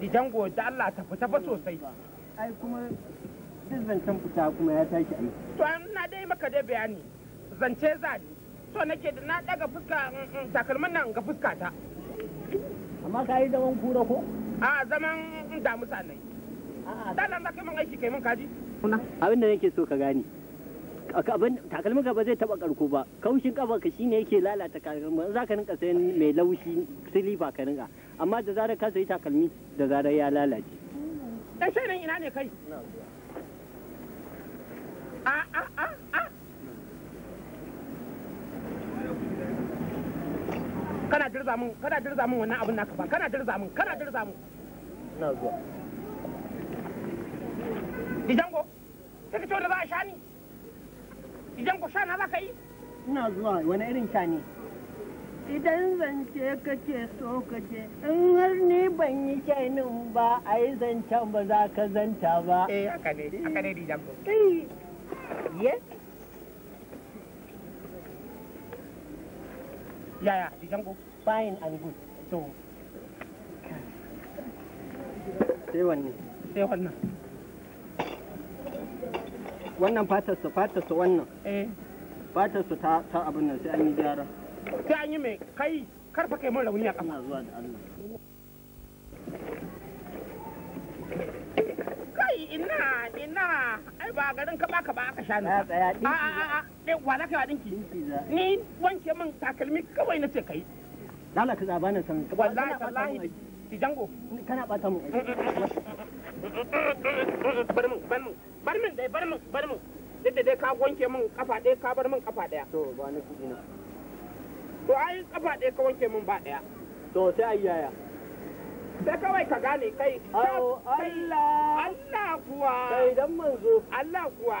dijango da Allah ta fita fa sosai ai kuma duk zancen fita kuma ya tashi ai to na dai maka dai bayani zance za ni so nake da na daga fuska mm, mm, takalmin nan ga fuska ta amma ka yi zaman kura ko a zaman damusa ne dalan za ka min aiki kai min kaji abin da nake so ka gane abin takalmin ba zai taba karko ba kaushin kafa ka shine yake lalata takalmin za ka rinka sayan mai laushi silifa ka rinka amma da zarar ka sayi takalmi da zarar ya lalace dan shirin ina ne kai a a a a kana dirza mun kana dirza mun wannan abin naka ba kana dirza mun kana dirza mun na zuwa dijango sai ka da za a sha ni idan ku sha na za ka yi ina zuwa wani irin sha ne idan zance ka ce so ka ce, in har ni ban yi shainin ba a yi zancen ba za ka zanta ba eh haka ne haka ne dijan ko yes yaya dijan ko fine and good to sai wannan sai wannan wannan fatarsa fatarsa wannan eh. fatarsa ta ta abin nan sai an yi gyara sai an yi mai kai karfa kai mun rauni a kama zuwa da Allah kai ina ina ai ba garin ka baka ba aka shani a a a wa za ka yi wa dinki ni wanke min takalmi kawai na ce kai Lala ka zaba nan san. Wallahi wallahi ki jango. Kana bata mu. Bar mu bar mu bar mu dai bar mu bar mu. dai ka wanke kafa ka bar kafa To ba ni na. To ai kafa ka wanke ba To sai kawai ka gane kai Allah Allah kuwa dan manzo Allah kuwa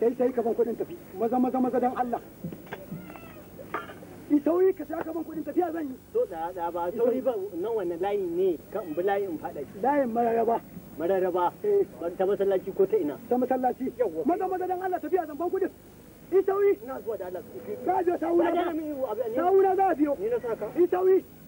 sai sai ka ban kudin tafi maza maza maza dan Allah in sauri ka sai ka ban kudin tafiya zan yi to da da ba sauri ba nan wannan layi ne kan bi layin in shi layin mararaba mararaba eh. ta masallaci ko ta ina ta masallaci maza maza dan Allah tafiya zan ban kudin in sauri ina zuwa da Allah ka je sauri na za a biyo in sauri